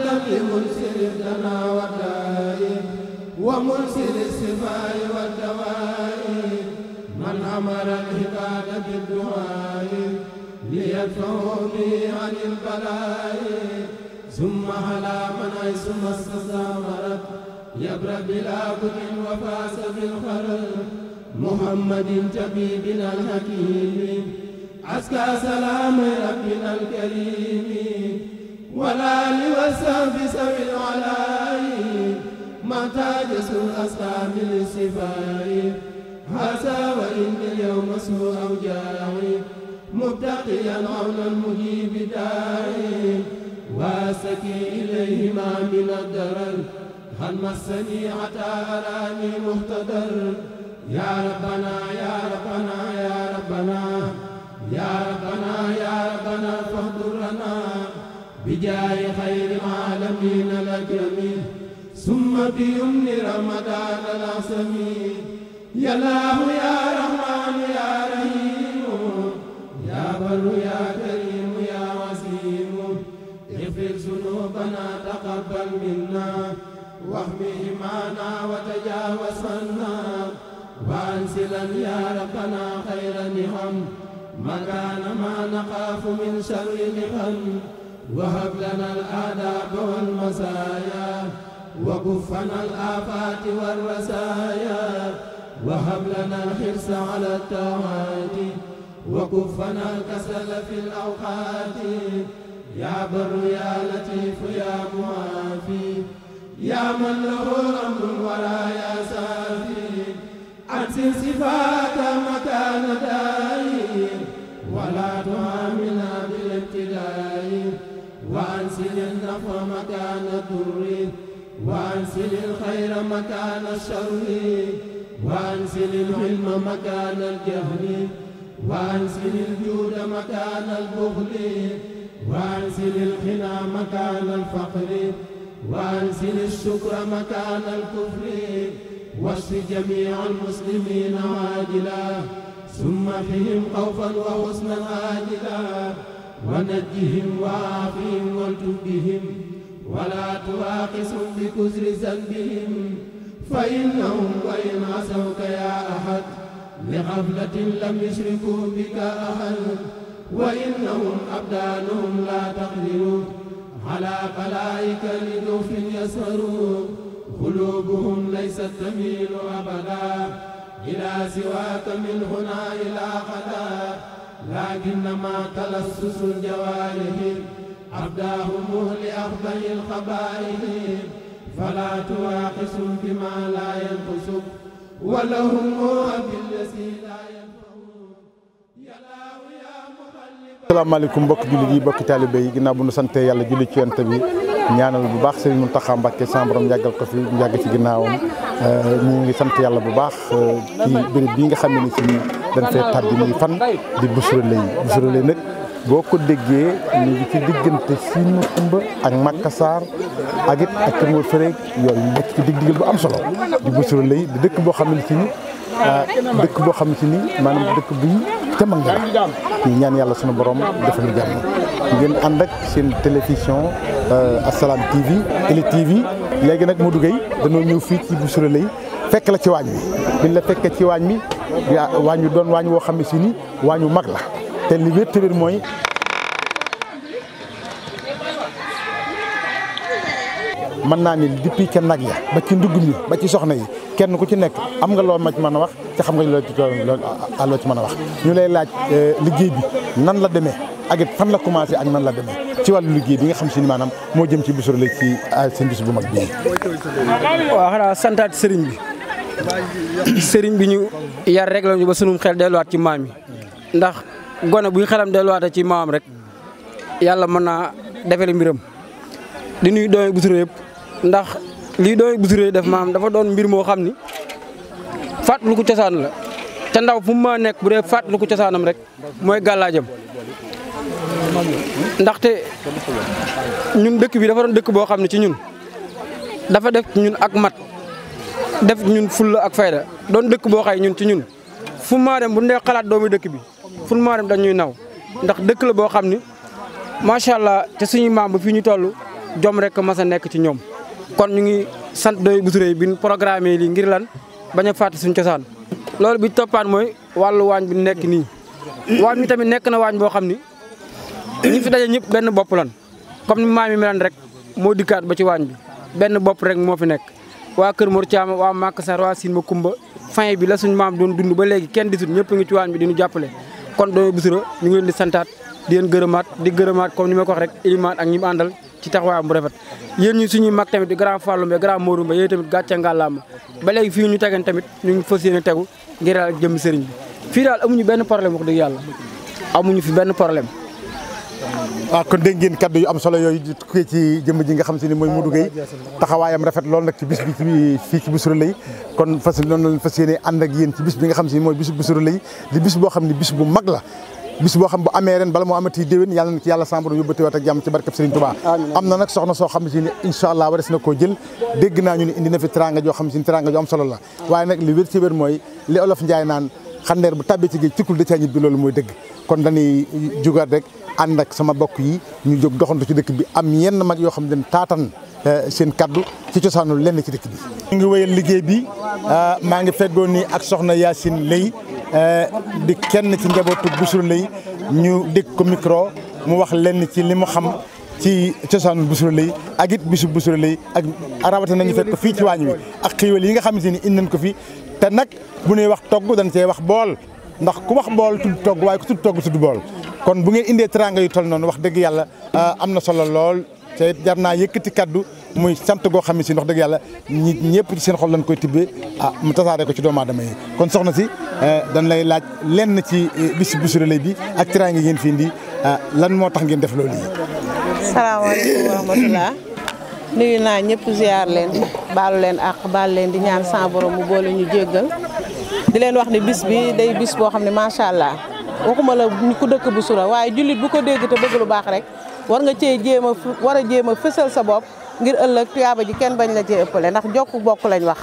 الدم منسل الدنا والدائم ومنسل السفاء والدواء من أمر العباد بالدعاء ليدفعوا به عن البلاء ثم على من ثم استثمرت يبرأ بلا بد وفاز بالخرج محمد طبيبنا الحكيم عسكى سلام ربنا الكريم والآل والصحب سوي العلاء محتاج سوء أسقى من الصفاء هذا وإن اليوم سوء أوجاعي مبتقيا عون المجيب داعي واسكي إليهما من الدرر هل مسني عتى أراني مهتدر يا ربنا يا ربنا يا ربنا يا ربنا يا ربنا فاهدرنا بجاه خير العالمين الأكرمين ثم بيمن رمضان العصمي يا الله يا رحمن يا رحيم يا بر يا كريم يا وسيم اغفر ذنوبنا تقبل منا واحم إيمانا وتجاوز عنا وأنزلا يا ربنا خير النعم مكان ما نخاف من شر نعم وهب لنا الآداب والمسايا وكفنا الآفات والرسايا وهب لنا الحرص على التوات وكفنا الكسل في الأوقات يا بر يا لطيف يا معافي يا من له أمر ولا يا سافي أنزل صفات مكان داير ولا تعاملنا فمكان الضر وأنزل الخير مكان الشر وأنزل العلم مكان الجهل وأنزل الجود مكان البخل وأنزل الغنى مكان الفقر وأنزل الشكر مكان الكفر واشف جميع المسلمين عاجلا ثم فيهم خوفا وحزنا عاجلا ونجهم وعافهم والتبهم ولا تواقسهم بكسر ذنبهم فإنهم وإن عصوك يا أحد لغفلة لم يشركوا بك أحد وإنهم أبدانهم لا تقدر على بلائك لجوف يسهر قلوبهم ليست تميل أبدا إلى سواك من هنا إلى غدا لكنما تلصص الجوارح أبداهم لأفضل الخبائث فلا تواقص بما لا ينقصك ولهم بالذي لا ينفعون asalaamaaleykum mbokki jullit yi mbokki taalibe ginnaaw bu nu sante yàlla julli ci yonent bi ñaanal bu baax Serigne Mountakha Mbacké sama borom jàggal ko fi yàgg ci ginnaawam ñu ngi sant yàlla bu baax ci béréb bii nga xam ne ni dañ fee tabbi nii fan di Bichri Leye Bichri Leye nag boo ko déggee ñu ngi ci diggante Sine tumb ak Makassar ak it ak Timor Féré yooyu nekk ci dig bu am solo di Bichri Leye di dëkk boo xam ne si ni ah, dëkk boo xam ne ni maanaam dëkk buy jëmmal nga la ñu ñaan yàlla sunu borom defal ñu jàmm ngeen ànd ak seen télévision euh, Assalaamy TV Télé TV léegi nag Modou Gueye dañoo ñëw fii ci Bichri Leye fekk la ci waañ bi biñ la fekkee ci waañ bi waañ waañu doon waañ woo xam si ni waañu mag la te li wér te wér mooy mën naa ni depuis ca nag ya ba ci ndugg mi ba ci soxna yi kenn ku ci nekk am nga loo ma ci mën a wax te xam nga loo ci loo ah, ci mën a wax ñu lay laaj euh, liggéey bi nan la demee agit it fan la commencé ak nan la demee ci wàllu liggéey bi nga xam si ni maanaam moo jëm ci bisoro la ci ah, seen bis bu mag bi waaw xanaa santaat sëriñ bi sëriñ bi ñu yar rek la ñu ba sunum xel delluwaat ci maam yi ndax gone buy xelam delluwaatee ci maam rek yàlla mën naa defale mbiram di nuyu doomi Bichri yëpp ndax lii doomi Bichri def maam dafa doon mbir moo xam ni fàttaliku cosaan la te ndaw fu ma nekk bu dee fàttaliku cosaanam rek mooy gàllaajam ndaxte ñun dëkk bi dafa doon dëkk boo xam ne ci ñun dafa def ñun ak mat def ñun fulla ak fayda doon dëkk boo xay ñun ci ñun fu maa dem bu ñu dee xalaat doomu dëkk bi fu maa dem dañuy naw ndax dëkk la boo xam ni macha allah te suñu maam ba fii ñu toll jom rek mas a nekk ci ñoom. kon ñu ngi sant doy bu suré bi programme lii ngir lan bañ a fàtte suñu cosaan. loolu bi toppaan mooy wàllu waañ bi nekk nii waañ bi tamit nekk na waañ boo xam ni ñi fi daje ñëpp benn bopp lan comme ni maam yi melan rek moo dikkaat ba ci waañ bi benn bopp rek moo fi nekk. waa Kër Mor Thiam waa Màkk Sar waa Sine Makumba fin bi la suñu maam doon dund ba léegi kenn disut ñëpp ngi ci waañ bi di ñu jàppale kon doomu Bichri ñu ngi leen di santaat di leen gërëmaat di gërëmaat comme ni ma ko wax rek ilimaat ak ñi mu àndal ci taxawaayam bu rafet yéen ñu suñuy mag tamit grand Fallou Mbaye grand Modou Mbaye yooyu tamit gàcce ngàllaama ba léegi fii ñu tegen tamit ñu ngi fas yéene tegu ngir daal jëm sëriñ bi fii daal amuñu benn problème wax dëgg yàlla amuñu fi benn problème waaw ah, kon dégg ngeen kaddu yu am solo yooyu di tukkee ci jëmm ji nga xam si ni mooy Modou Gueye taxawaayam rafet lool nag ci bis bi ci fii ci Bichri Laye kon fas noonu lañ fas yéene ànd ak yéen ci bis bi nga xam si ni mooy bisu Bichri Laye di bis boo xam ne bis bu mag la bis boo xam bu amee ren bala moo amati déwén yàlla na ci yàlla sàmm yóbbati waat ak jàmm ci barkeb Serigne Touba am na nag soxna soo xam si ni incha allah wares na koo jël dégg naa ñu ne indi na fi teranga joo xam si ni teranga joo am solo la waaye nag li wér ci wér mooy li olof Njaay naan xandeer bu tàbbee ci géej cikkul da caa ñibbi loolu mooy dëgg kon dañuy jugaat rek ànd ak sama bokk yi ñu jóg doxantu ci dëkk bi am yenn mag yoo xam ne taatan eh, seen kàddu ci cosaanul lenn ci dëkk bi. ñu ngi wéyal liggéey bi eh, maa ngi feggoo nii ak soxna Yacine Lay eh, di kenn ci njabootu Boussirou Lay ñu dëkk ko micro mu wax lenn ci li mu xam. ci cosaanu Boussirou Leye ak it bisu Boussirou Leye ak rawatina nañu fekk ko fii ci waañ wi ak xiiwal yi nga xamante ni indi nañ ko fi te nag bu nuy wax togg dañ cee wax bool ndax ku wax bool tudd togg waaye ku tudd togg tudd bool kon bu ngeen indee teranga yi tol noonu wax dëgg yàlla euh, am na solo lool te jar naa yëkkati kàddu muy sant goo xam ne wax dëgg yàlla ñi ñëpp ci seen xol koy tibbee ah mu tasaare ko ci doomu aadama yi kon soxna si euh, dañ lay laaj lenn ci euh, bis bisu Relais bi ak teranga ngeen fi indi lan moo tax ngeen def loolu yi. salaamaaleykum wa rahmatulah. nuyu naa ñëpp ziar leen baalu leen ak baal leen di ñaan sa borom mu boole ñu jéggal di leen wax ni bis bi day bis boo xam ne macha allah waxuma la ku dëkk bu sura waaye jullit bu ko dégg te bëgg lu baax rek war nga cee jéem a war a jéem a fësal sa bopp ngir ëllëg tuyaaba ji kenn bañ la cee ëppale ndax jokk bokk lañ wax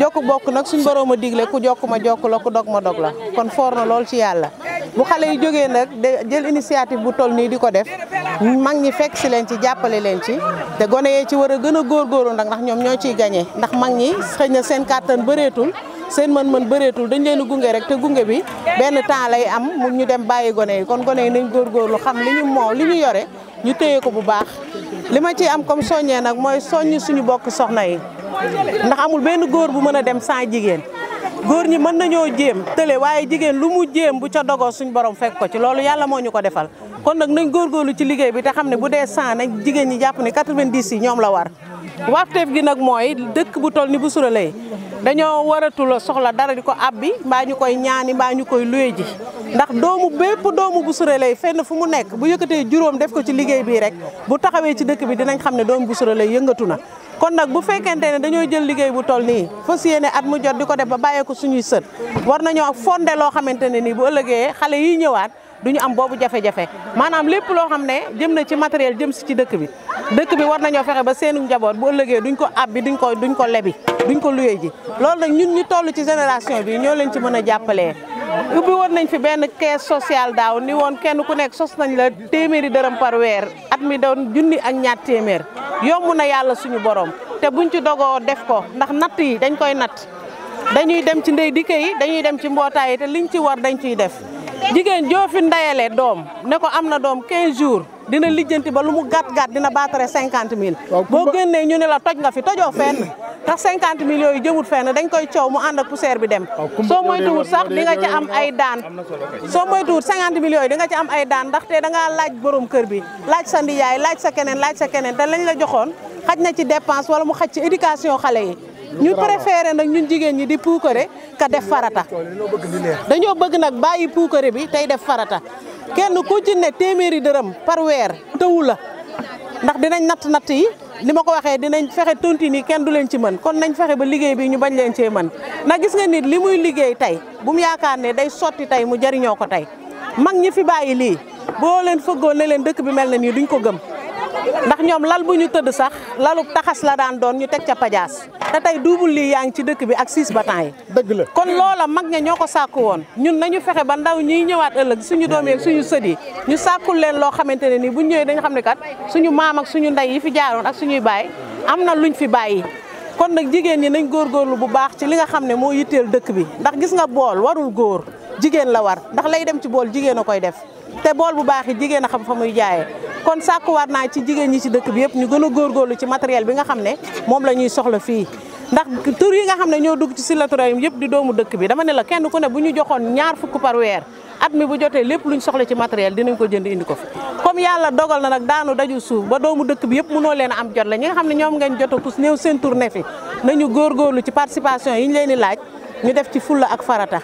jokk bokk nag suñ borom a digle ku jokk ma jokk la ku dog ma dog la kon foor na lool ci yàlla bu xale yi jógee nag de jël initiative bu toll nii di ko def mag ñi fekk si leen ci jàppale leen ci te gone yee ci war a gën a góorgóorlu nag ndax ñoom ñoo ciy gañee ndax mag ñi xëy na seen kàttan bëreetul seen mën-mën bëreetul dañ leen gunge rek te gunge bi benn temps lay am mu ñu dem bàyyi gone yi kon gone yi nañ góorgóorlu xam li ñu moo li ñu yore ñu téye ko bu baax li ma ci am comme soññee nag mooy soññ suñu bokk soxna yi ndax amul benn góor bu mën a dem sans jigéen góor ñi mën nañoo jéem tële waaye jigéen lu mu jéem bu ca dogoo suñ borom fekk ko ci loolu yàlla moo ñu ko defal kon nag nañ góorlu ci liggéey bi te xam ne bu dee 100 nañ jigéen ñi jàpp ne 90 yi ñoom la war waxteef gi nag mooy dëkk bu toll ni bu Soureleye dañoo waratul soxla dara di ko abbi mbaa ñu koy ñaani mbaa ñu koy luye ji ndax doomu bépp doomu bu Soureleye fenn fu mu nekk bu yëkkatee juróom def ko ci liggéey bii rek bu taxawee ci dëkk bi dinañ xam ne doomu bu Soureleye yëngatu na kon nag bu fekkente ne dañoo jël liggéey bu toll nii fas yéene at mu jot di ko def ba bàyyee ko suñuy sët war nañoo fonde loo xamante ne nii bu ëllëgee xale yi ñëwaat du ñu am boobu jafe-jafe maanaam lépp loo xam ne jëm na ci matériel jëm si ci dëkk bi dëkk bi war nañoo fexe ba seenu njaboot bu ëllëgee duñ ko ab bi duñ ko duñ ko lebi duñ ko luyee ji loolu nag ñun ñu toll ci génération bi ñoo leen ci mën a jàppalee ubbi woon nañ fi benn kee sociale daaw ni woon kenn ku nekk sos nañ la téeméeri dërëm par weer at mi doon junni ak ñaar téeméer yomb na yàlla suñu borom te buñ ci dogoo def ko ndax natt yi dañ koy natt dañuy dem ci ndey dikke yi dañuy dem ci mbootaay yi te liñ ci war dañ ciy def jigéen joo fi ndayalee doom ne ko am na doom 15 jours dina lijjanti ba lu mu gàtt gàtt dina baatare 50 000. boo génnee ñu ne la toj nga fi tojoo na tax 50 000 yooyu jëmut fenn dañ koy coow mu ànd ak poussière bi dem. soo moytuwut sax di nga ci am ay daan. soo moytuwut 50 000 yooyu di nga ci am ay daan ndaxte da ngaa laaj borom kër bi laaj sa ndiyaay laaj sa keneen laaj sa keneen te lañ la joxoon xaj na ci dépense wala mu xaj ci éducation xale yi. ñu préféré nag ñun jigéen ñi di puukare ka def farata dañoo bëgg nag bàyyi puukare bi tey def farata kenn ku ci ne téeméeri dërëm parweer weer la ndax dinañ natt natt yi ni ma ko waxee dinañ fexe tontine yi kenn du leen ci mën kon nañ fexe ba liggéey bi ñu bañ leen cee mën na gis nga nit li muy liggéey tey bu mu yaakaar ne day sotti tey mu jariñoo ko tey mag ñi fi bàyyi lii boo leen fëggoon ne leen dëkk bi mel na nii duñ ko gëm ndax ñoom lal bu ñu tëdd sax lalu taxas la daan doon ñu teg ca pajaas te tey double lii yaa ngi ci dëkk bi ak six battant yi dëgg la kon loola mag ña ñoo ko sàkku woon ñun nañu fexe ba ndaw ñuy ñëwaat ëllëg suñu doom yeeg suñu sët yi ñu sàkkul leen loo xamante ne nii buñ ñëwee dañu xam ne kat suñu maam ak suñu ndey yi fi jaaroon ak suñuy baay am na luñ fi bàyyi kon nag jigéen ñi nañ góorgóorlu bu baax ci li nga xam ne moo yitteel dëkk bi ndax gis nga bool warul góor jigéen la war ndax lay dem ci bool jigéen a koy def te bool bu baax jigéen a xam fa muy jaayee kon sàkkuwaat naa ci jigéen ñi ci dëkk bi yëpp ñu gën a góorlu ci matériel bi nga xam ne moom la ñuy soxla fii ndax tur yi nga xam ne ñoo dugg ci Sylatour yëpp di doomu dëkk bi dama ne la kenn ku ne bu ñu joxoon ñaar fukk par weer at mi bu jotee lépp ñu soxla ci matériel dinañ ko jënd indi ko fi comme yàlla dogal na nag daanu daju suuf ba doomu dëkk bi yëpp mënoo leen am jot la ñi nga xam ne ñoom ngeen jot a pus néew seen tournée fi nañu góorgóorlu ci participation yi ñu leen di laaj ñu def ci fulla ak farata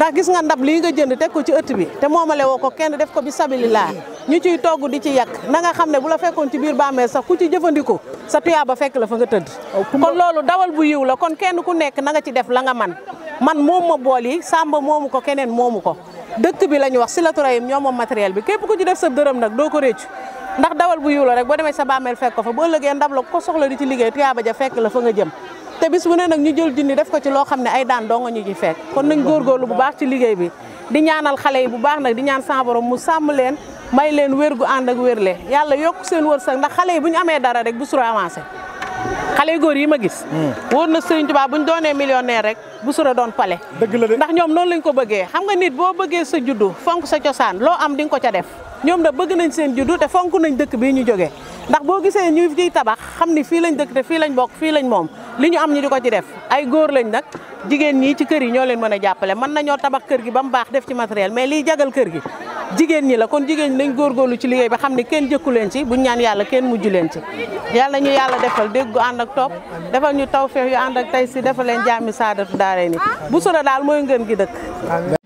ndax gis nga ndab lii nga jënd teg ko ci ëtt bi te moomale woo ko kenn def ko bi sabilillah ñu ciy togg di ci yàq na nga xam ne bu la fekkoon ci biir bàmmeel sax ku ci jëfandikoo sa tuyaaba fekk la fa nga tëdd oh, kon loolu dawal bu yiw la kon kenn ku nekk na nga ci def la nga man man moom ma bool yi samba moomu ko keneen moomu ko dëkk bi la ñu wax si la turayim ñoo moom matériel bi képp ko ci def sa dërëm nag doo ko réccu ndax dawal bu yiw la rek boo demee sa fekk fa boo ëllëgee ndab la ko soxla di ci liggéey tuyaaba ja fekk la fa nga jëm te bis bu ne nag ñu jël junni def ko ci loo xam ne ay daan doo ñu ci fekk kon nañ góorgóorlu bu baax ci liggéey bi di ñaanal xale yi bu baax nag di ñaan sa mu sàmm leen may leen wér gu ànd ak wérle yàlla yokk seen wërsëg ndax xale yi bu ñu amee dara rek bu sura avancé xale yu góor yi ma gis hmm. wóor na Sëriñ Tuubaa bu ñu doonee millionnaire rek bu sura doon pale dëgg la de ndax ñoom noonu lañ ko bëggee xam nga nit boo bëggee sa juddu fonk sa cosaan loo am di nga ko ca def ñoom da bëgg nañ seen juddu te fonk nañ dëkk bii ñu jógee ndax boo gisee ñu fiy tabax xam ni fii lañ dëkk te fii lañ bokk fii lañ moom li ñu am ñi di ko ci def ay góor lañ nag jigéen ñi ci kër yi ñoo leen mën a jàppale man nañoo tabax kër gi ba mu baax def ci matériel mais li jagal kër gi jigéen ñi la kon jigéen ñi nañ góorlu ci liggéey ba xam ne kenn jëkku leen ci bu ñaan yàlla kenn mujj leen ci yàlla ñu yàlla defal déggu ànd ak topp defal ñu taw tawfeex yu ànd ak tey si defal leen jaami saadatu daare ni bu sura daal mooy ngeen gi dëkk